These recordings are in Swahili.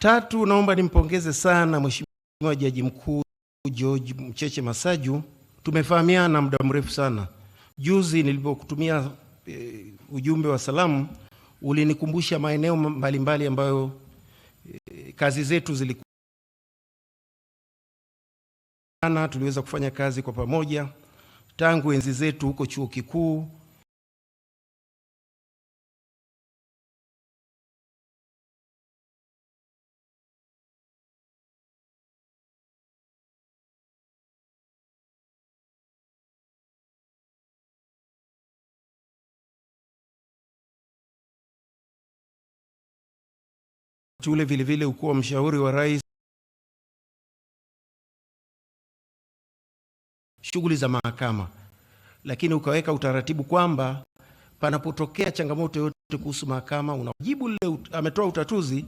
Tatu, naomba nimpongeze sana Mheshimiwa Jaji Mkuu George Mcheche Masaju. Tumefahamiana muda mrefu sana. Juzi nilipokutumia e, ujumbe wa salamu ulinikumbusha maeneo mbalimbali mbali ambayo e, kazi zetu zilikutana, tuliweza kufanya kazi kwa pamoja tangu enzi zetu huko chuo kikuu wakati ule vilevile ukuwa mshauri wa rais shughuli za mahakama, lakini ukaweka utaratibu kwamba panapotokea changamoto yote kuhusu mahakama unajibu lile. Ametoa utatuzi,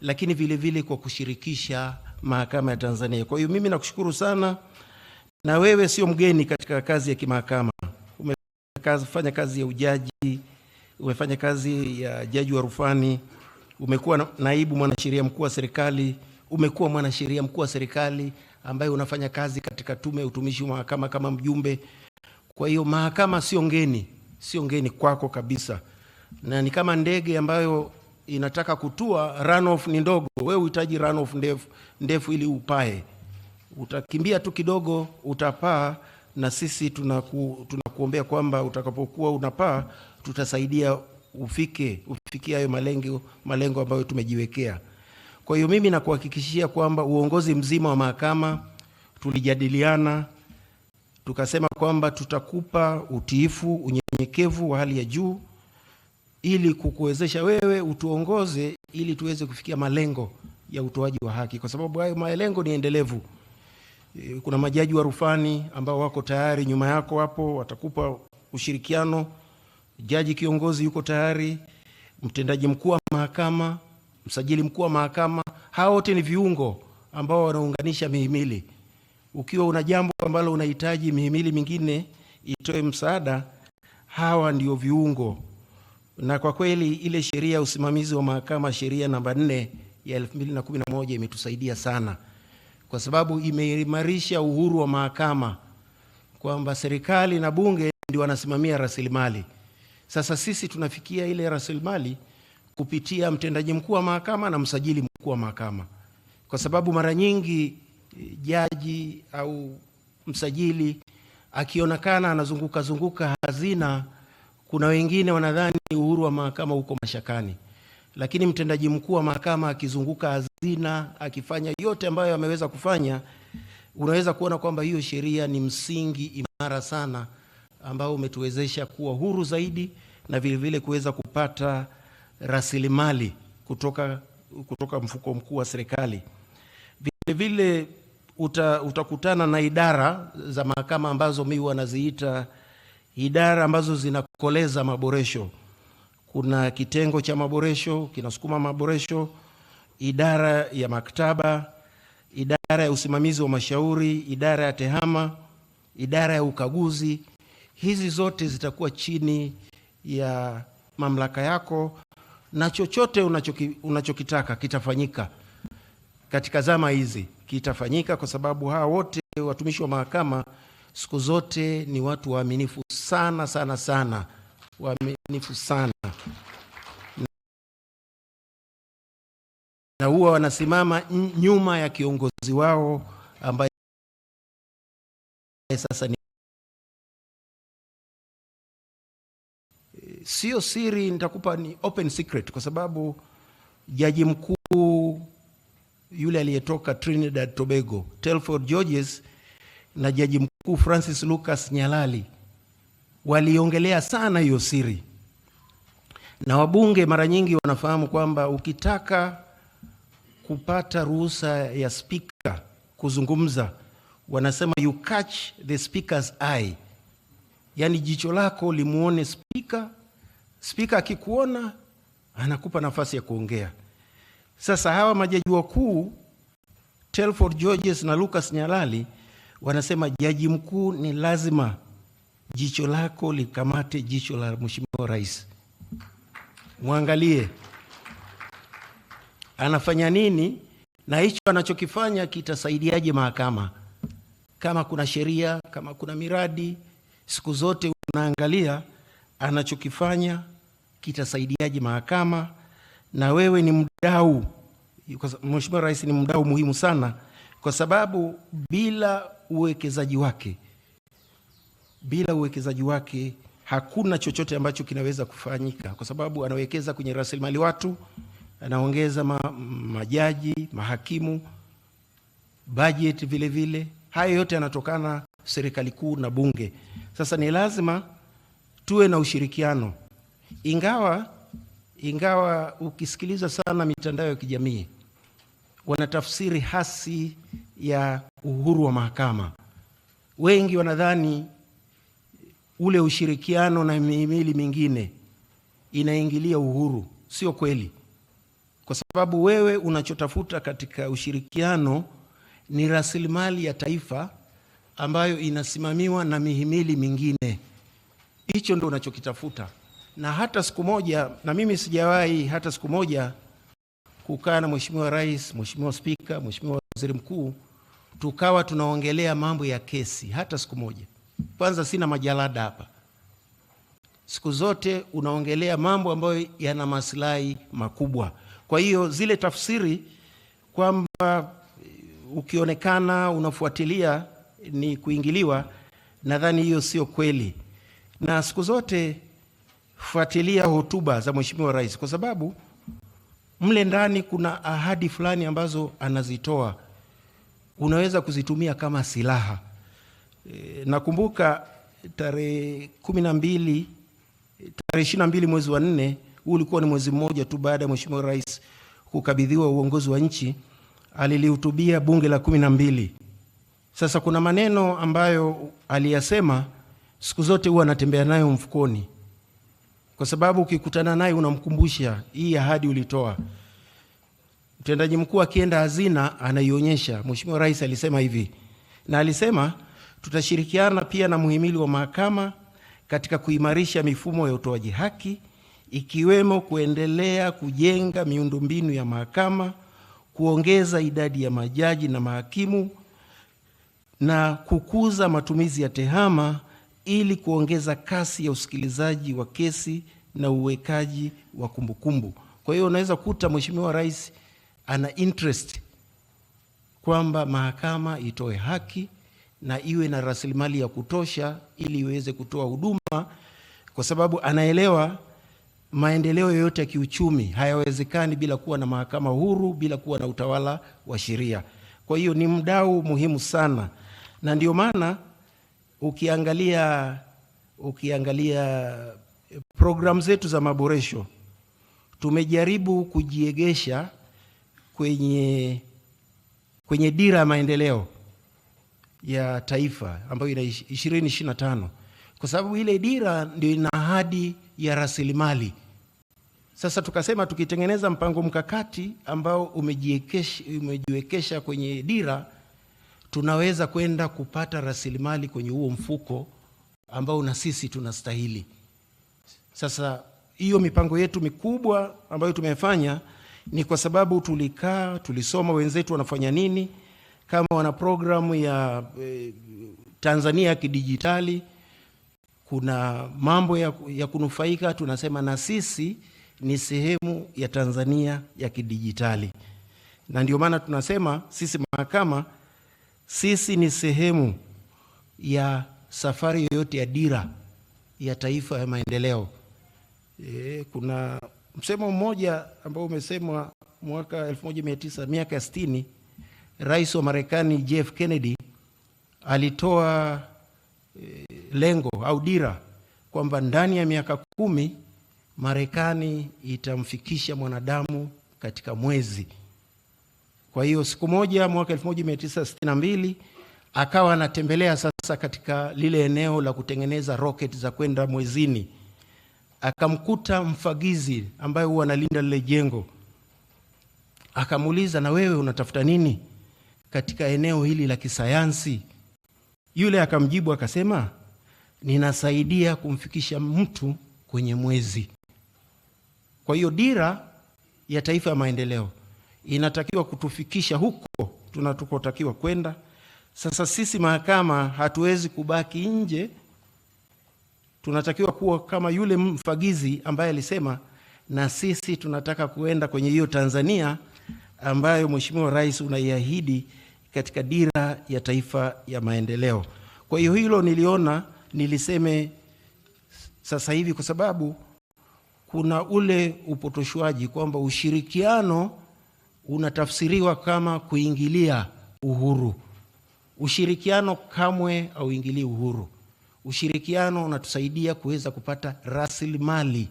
lakini vile vile kwa kushirikisha mahakama ya Tanzania. Kwa hiyo mimi nakushukuru sana, na wewe sio mgeni katika kazi ya kimahakama. Umefanya kazi ya ujaji, umefanya kazi ya jaji wa rufani umekuwa naibu mwanasheria mkuu wa serikali, umekuwa mwanasheria mkuu wa serikali ambaye unafanya kazi katika tume ya utumishi wa mahakama kama mjumbe. Kwa hiyo mahakama sio ngeni, sio ngeni kwako kabisa, na ni kama ndege ambayo inataka kutua, off ni ndogo. Wewe uhitaji off ndefu, ndefu ili upae. Utakimbia tu kidogo, utapaa. Na sisi tunaku, tunakuombea kwamba utakapokuwa unapaa tutasaidia ufike ufikie hayo malengo, malengo ambayo tumejiwekea. Kwa hiyo mimi nakuhakikishia kwamba uongozi mzima wa mahakama tulijadiliana, tukasema kwamba tutakupa utiifu, unyenyekevu wa hali ya juu ili kukuwezesha wewe utuongoze ili tuweze kufikia malengo ya utoaji wa haki, kwa sababu hayo malengo ni endelevu. E, kuna majaji wa rufani ambao wako tayari nyuma yako hapo, watakupa ushirikiano jaji kiongozi yuko tayari, mtendaji mkuu wa mahakama, msajili mkuu wa mahakama, hao wote ni viungo ambao wanaunganisha mihimili. Ukiwa una jambo ambalo unahitaji mihimili mingine itoe msaada, hawa ndio viungo. Na kwa kweli ile sheria ya usimamizi wa mahakama, sheria namba 4 ya 2011 imetusaidia sana, kwa sababu imeimarisha uhuru wa mahakama kwamba serikali na bunge ndio wanasimamia rasilimali. Sasa sisi tunafikia ile rasilimali kupitia mtendaji mkuu wa mahakama na msajili mkuu wa mahakama, kwa sababu mara nyingi eh, jaji au msajili akionekana anazunguka zunguka hazina, kuna wengine wanadhani uhuru wa mahakama uko mashakani, lakini mtendaji mkuu wa mahakama akizunguka hazina, akifanya yote ambayo ameweza kufanya, unaweza kuona kwamba hiyo sheria ni msingi imara sana ambao umetuwezesha kuwa huru zaidi na vilevile kuweza kupata rasilimali kutoka, kutoka mfuko mkuu wa serikali. Vilevile uta, utakutana na idara za mahakama ambazo mimi wanaziita idara ambazo zinakoleza maboresho. Kuna kitengo cha maboresho kinasukuma maboresho, idara ya maktaba, idara ya usimamizi wa mashauri, idara ya tehama, idara ya ukaguzi hizi zote zitakuwa chini ya mamlaka yako na chochote unachoki, unachokitaka kitafanyika katika zama hizi, kitafanyika kwa sababu hawa wote watumishi wa mahakama siku zote ni watu waaminifu sana sana sana, waaminifu sana na huwa wanasimama nyuma ya kiongozi wao ambaye sasa ni sio siri, nitakupa ni open secret, kwa sababu jaji mkuu yule aliyetoka Trinidad Tobago Telford Georges na jaji mkuu Francis Lucas Nyalali waliongelea sana hiyo siri, na wabunge mara nyingi wanafahamu kwamba ukitaka kupata ruhusa ya spika kuzungumza, wanasema you catch the speaker's eye, yaani jicho lako limuone spika Spika akikuona anakupa nafasi ya kuongea. Sasa hawa majaji wakuu Telford Georges na Lucas Nyalali wanasema jaji mkuu ni lazima jicho lako likamate jicho la mheshimiwa rais, mwangalie anafanya nini na hicho anachokifanya kitasaidiaje mahakama. Kama kuna sheria, kama kuna miradi, siku zote unaangalia anachokifanya kitasaidiaje mahakama, na wewe ni mdau. Mheshimiwa Rais ni mdau muhimu sana, kwa sababu bila uwekezaji wake, bila uwekezaji wake hakuna chochote ambacho kinaweza kufanyika, kwa sababu anawekeza kwenye rasilimali watu, anaongeza ma, majaji, mahakimu, bajeti vile vile. Hayo yote yanatokana serikali kuu na bunge. Sasa ni lazima tuwe na ushirikiano ingawa ingawa ukisikiliza sana mitandao ya kijamii wana tafsiri hasi ya uhuru wa mahakama. Wengi wanadhani ule ushirikiano na mihimili mingine inaingilia uhuru. Sio kweli, kwa sababu wewe unachotafuta katika ushirikiano ni rasilimali ya taifa ambayo inasimamiwa na mihimili mingine. Hicho ndio unachokitafuta na hata siku moja, na mimi sijawahi hata siku moja kukaa na mheshimiwa rais, mheshimiwa spika, mheshimiwa waziri mkuu tukawa tunaongelea mambo ya kesi hata siku moja. Kwanza sina majalada hapa, siku zote unaongelea mambo ambayo yana maslahi makubwa. Kwa hiyo zile tafsiri kwamba eh, ukionekana unafuatilia ni kuingiliwa, nadhani hiyo sio kweli, na siku zote fuatilia hotuba za Mheshimiwa Rais kwa sababu mle ndani kuna ahadi fulani ambazo anazitoa, unaweza kuzitumia kama silaha. E, nakumbuka tarehe kumi na mbili tarehe ishirini na mbili mwezi wa nne, huu ulikuwa ni mwezi mmoja tu baada ya Mheshimiwa Rais kukabidhiwa uongozi wa nchi, alilihutubia bunge la kumi na mbili. Sasa kuna maneno ambayo aliyasema, siku zote huwa anatembea nayo mfukoni kwa sababu ukikutana naye unamkumbusha hii ahadi ulitoa. Mtendaji mkuu akienda hazina anaionyesha. Mheshimiwa Rais alisema hivi, na alisema tutashirikiana pia na muhimili wa mahakama katika kuimarisha mifumo ya utoaji haki ikiwemo kuendelea kujenga miundombinu ya mahakama, kuongeza idadi ya majaji na mahakimu na kukuza matumizi ya tehama ili kuongeza kasi ya usikilizaji wa kesi na uwekaji wa kumbukumbu. Kwa hiyo unaweza kuta Mheshimiwa Rais ana interest kwamba mahakama itoe haki na iwe na rasilimali ya kutosha ili iweze kutoa huduma, kwa sababu anaelewa maendeleo yoyote ya kiuchumi hayawezekani bila kuwa na mahakama huru, bila kuwa na utawala wa sheria. Kwa hiyo ni mdau muhimu sana, na ndio maana ukiangalia, ukiangalia eh, programu zetu za maboresho tumejaribu kujiegesha kwenye, kwenye dira ya maendeleo ya taifa ambayo ina 2025 kwa sababu ile dira ndio ina ahadi ya rasilimali. Sasa tukasema tukitengeneza mpango mkakati ambao umejiwekesha kwenye dira tunaweza kwenda kupata rasilimali kwenye huo mfuko ambao na sisi tunastahili. Sasa hiyo mipango yetu mikubwa ambayo tumefanya ni kwa sababu tulikaa, tulisoma wenzetu wanafanya nini, kama wana programu ya eh, Tanzania ya kidijitali. Kuna mambo ya, ya kunufaika, tunasema na sisi ni sehemu ya Tanzania ya kidijitali, na ndio maana tunasema sisi mahakama sisi ni sehemu ya safari yoyote ya dira ya taifa ya maendeleo. E, kuna msemo mmoja ambao umesemwa mwaka 1900 miaka 60, Rais wa Marekani JF Kennedy alitoa e, lengo au dira kwamba ndani ya miaka kumi Marekani itamfikisha mwanadamu katika mwezi. Kwa hiyo siku moja mwaka 1962 akawa anatembelea sasa katika lile eneo la kutengeneza rocket za kwenda mwezini, akamkuta mfagizi ambaye huwa analinda lile jengo, akamuuliza, na wewe unatafuta nini katika eneo hili la kisayansi? Yule akamjibu akasema, ninasaidia kumfikisha mtu kwenye mwezi. Kwa hiyo dira ya taifa ya maendeleo inatakiwa kutufikisha huko tunatukotakiwa kwenda. Sasa sisi mahakama hatuwezi kubaki nje, tunatakiwa kuwa kama yule mfagizi ambaye alisema, na sisi tunataka kuenda kwenye hiyo Tanzania ambayo Mheshimiwa Rais unaiahidi katika dira ya taifa ya maendeleo. Kwa hiyo hilo niliona niliseme sasa hivi, kwa sababu kuna ule upotoshwaji kwamba ushirikiano unatafsiriwa kama kuingilia uhuru. Ushirikiano kamwe hauingilii uhuru. Ushirikiano unatusaidia kuweza kupata rasilimali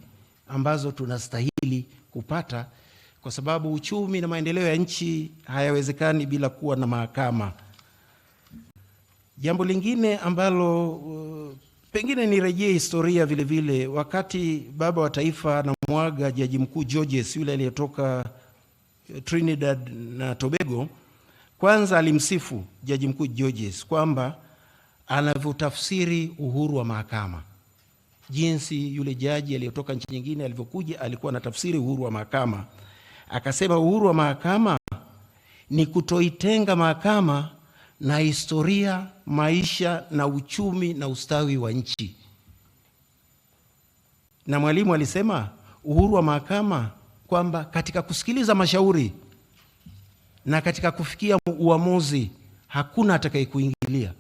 ambazo tunastahili kupata, kwa sababu uchumi na maendeleo ya nchi hayawezekani bila kuwa na mahakama. Jambo lingine ambalo uh, pengine nirejee historia vilevile vile, wakati baba wa taifa anamwaga jaji mkuu Georges yule aliyetoka Trinidad na Tobago, kwanza alimsifu Jaji Mkuu Georges kwamba anavyotafsiri uhuru wa mahakama, jinsi yule jaji aliyotoka nchi nyingine alivyokuja alikuwa anatafsiri uhuru wa mahakama. Akasema uhuru wa mahakama ni kutoitenga mahakama na historia, maisha na uchumi na ustawi wa nchi. Na Mwalimu alisema uhuru wa mahakama kwamba katika kusikiliza mashauri na katika kufikia uamuzi hakuna atakayekuingilia,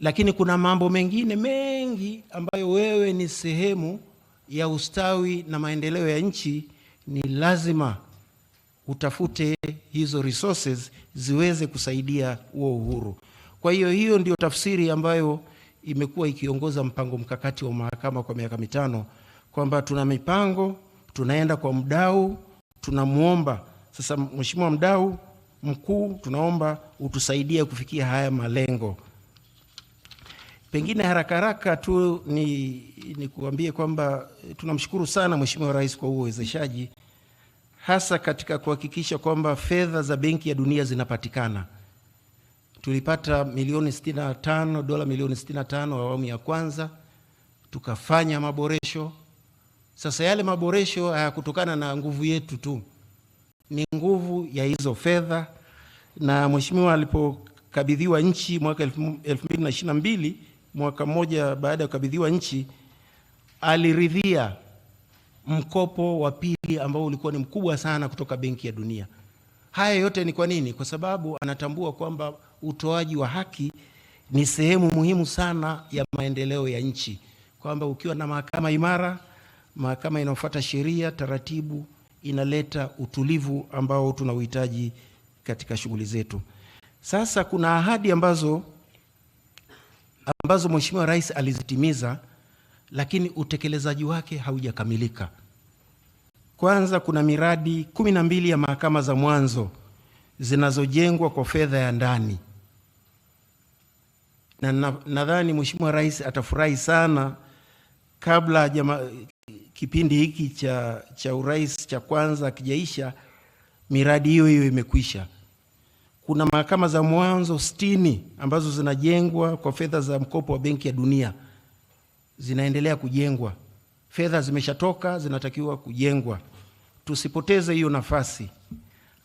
lakini kuna mambo mengine mengi ambayo wewe ni sehemu ya ustawi na maendeleo ya nchi, ni lazima utafute hizo resources ziweze kusaidia huo uhuru. Kwa hiyo hiyo ndio tafsiri ambayo imekuwa ikiongoza mpango mkakati wa mahakama kwa miaka mitano, kwamba tuna mipango tunaenda kwa mdau, tunamwomba sasa, mheshimiwa mdau mkuu, tunaomba utusaidie kufikia haya malengo. Pengine haraka haraka tu ni, ni kuambie kwamba eh, tunamshukuru sana Mheshimiwa Rais kwa uwezeshaji hasa katika kuhakikisha kwamba fedha za Benki ya Dunia zinapatikana. Tulipata milioni 65 dola milioni 65 awamu ya kwanza, tukafanya maboresho sasa yale maboresho hayakutokana eh, na nguvu yetu tu, ni nguvu ya hizo fedha. Na mheshimiwa alipokabidhiwa nchi mwaka 2022 mwaka mmoja baada ya kukabidhiwa nchi, aliridhia mkopo wa pili ambao ulikuwa ni mkubwa sana kutoka Benki ya Dunia. Haya yote ni kwa nini? Kwa sababu anatambua kwamba utoaji wa haki ni sehemu muhimu sana ya maendeleo ya nchi, kwamba ukiwa na mahakama imara mahakama inayofuata sheria, taratibu, inaleta utulivu ambao tunauhitaji katika shughuli zetu. Sasa kuna ahadi ambazo, ambazo Mheshimiwa Rais alizitimiza lakini utekelezaji wake haujakamilika. Kwanza, kuna miradi kumi na mbili ya mahakama za mwanzo zinazojengwa kwa fedha ya ndani, na nadhani Mheshimiwa Rais atafurahi sana kabla kipindi hiki cha, cha urais cha kwanza kijaisha, miradi hiyo hiyo imekwisha. Kuna mahakama za mwanzo sitini ambazo zinajengwa kwa fedha za mkopo wa Benki ya Dunia, zinaendelea kujengwa. Fedha zimeshatoka, zinatakiwa kujengwa, tusipoteze hiyo nafasi.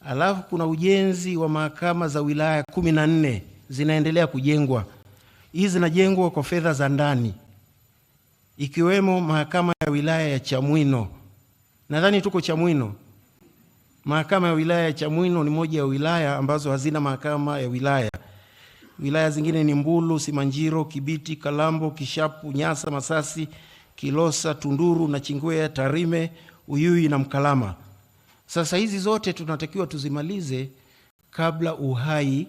Alafu kuna ujenzi wa mahakama za wilaya kumi na nne zinaendelea kujengwa. Hizi zinajengwa kwa fedha za ndani ikiwemo mahakama ya wilaya ya Chamwino. Nadhani tuko Chamwino. Mahakama ya wilaya ya Chamwino ni moja ya wilaya ambazo hazina mahakama ya wilaya. Wilaya zingine ni Mbulu, Simanjiro, Kibiti, Kalambo, Kishapu, Nyasa, Masasi, Kilosa, Tunduru na Chingwea, Tarime, Uyui na Mkalama. Sasa hizi zote tunatakiwa tuzimalize kabla uhai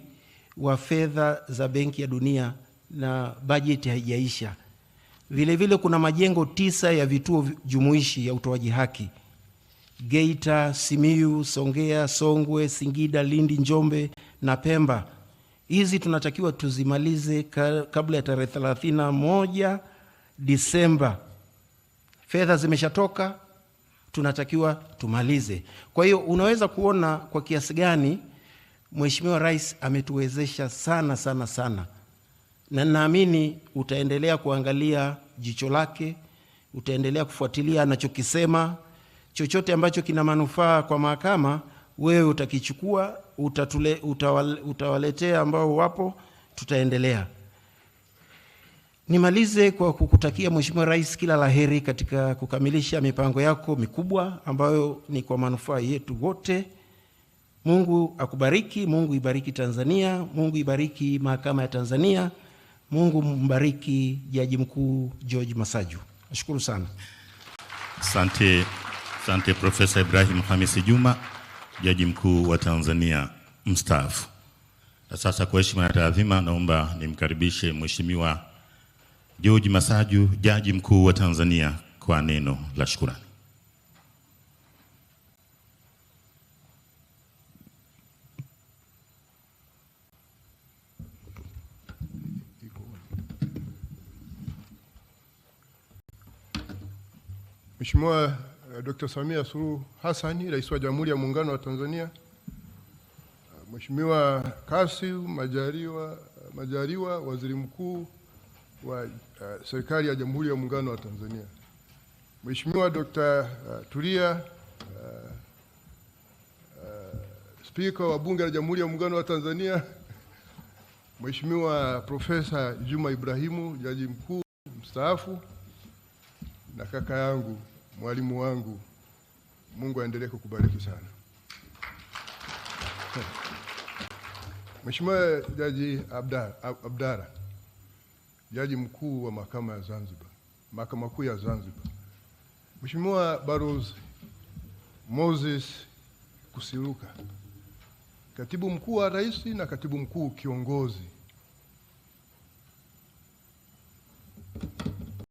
wa fedha za Benki ya Dunia na bajeti haijaisha. Vilevile vile kuna majengo tisa ya vituo jumuishi ya utoaji haki Geita, simiu Songea, Songwe, Singida, Lindi, Njombe na Pemba. Hizi tunatakiwa tuzimalize kabla ya tarehe 31 Disemba. Fedha zimeshatoka, tunatakiwa tumalize. Kwa hiyo unaweza kuona kwa kiasi gani Mheshimiwa Rais ametuwezesha sana sana sana na ninaamini utaendelea kuangalia jicho lake, utaendelea kufuatilia anachokisema. Chochote ambacho kina manufaa kwa mahakama, wewe utakichukua, utatule, utawal, utawaletea ambao wapo, tutaendelea. Nimalize kwa kukutakia Mheshimiwa Rais kila laheri katika kukamilisha mipango yako mikubwa ambayo ni kwa manufaa yetu wote. Mungu akubariki, Mungu ibariki Tanzania, Mungu ibariki mahakama ya Tanzania. Mungu mbariki Jaji Mkuu George Masaju. Nashukuru sana. Asante, asante Profesa Ibrahim Hamisi Juma, Jaji Mkuu wa Tanzania mstaafu. Na sasa kwa heshima na taadhima, naomba nimkaribishe Mheshimiwa George Masaju, Jaji Mkuu wa Tanzania kwa neno la shukrani. Mheshimiwa eh, Dr. Samia Suluhu Hassan, Rais wa Jamhuri ya Muungano wa Tanzania, eh, Mheshimiwa Kassim Majaliwa, eh, Majaliwa, Waziri Mkuu wa uh, Serikali ya Jamhuri ya Muungano wa Tanzania, Mheshimiwa Dr. Tulia uh, uh, Spika wa Bunge la Jamhuri ya Muungano wa Tanzania, Mheshimiwa Profesa Juma Ibrahimu, Jaji Mkuu mstaafu na kaka yangu mwalimu wangu. Mungu aendelee kukubariki sana. Mheshimiwa Jaji Abdara, Abdara, jaji mkuu wa mahakama ya Zanzibar, mahakama kuu ya Zanzibar, Mheshimiwa Barozi Moses Kusiluka, katibu mkuu wa rais na katibu mkuu kiongozi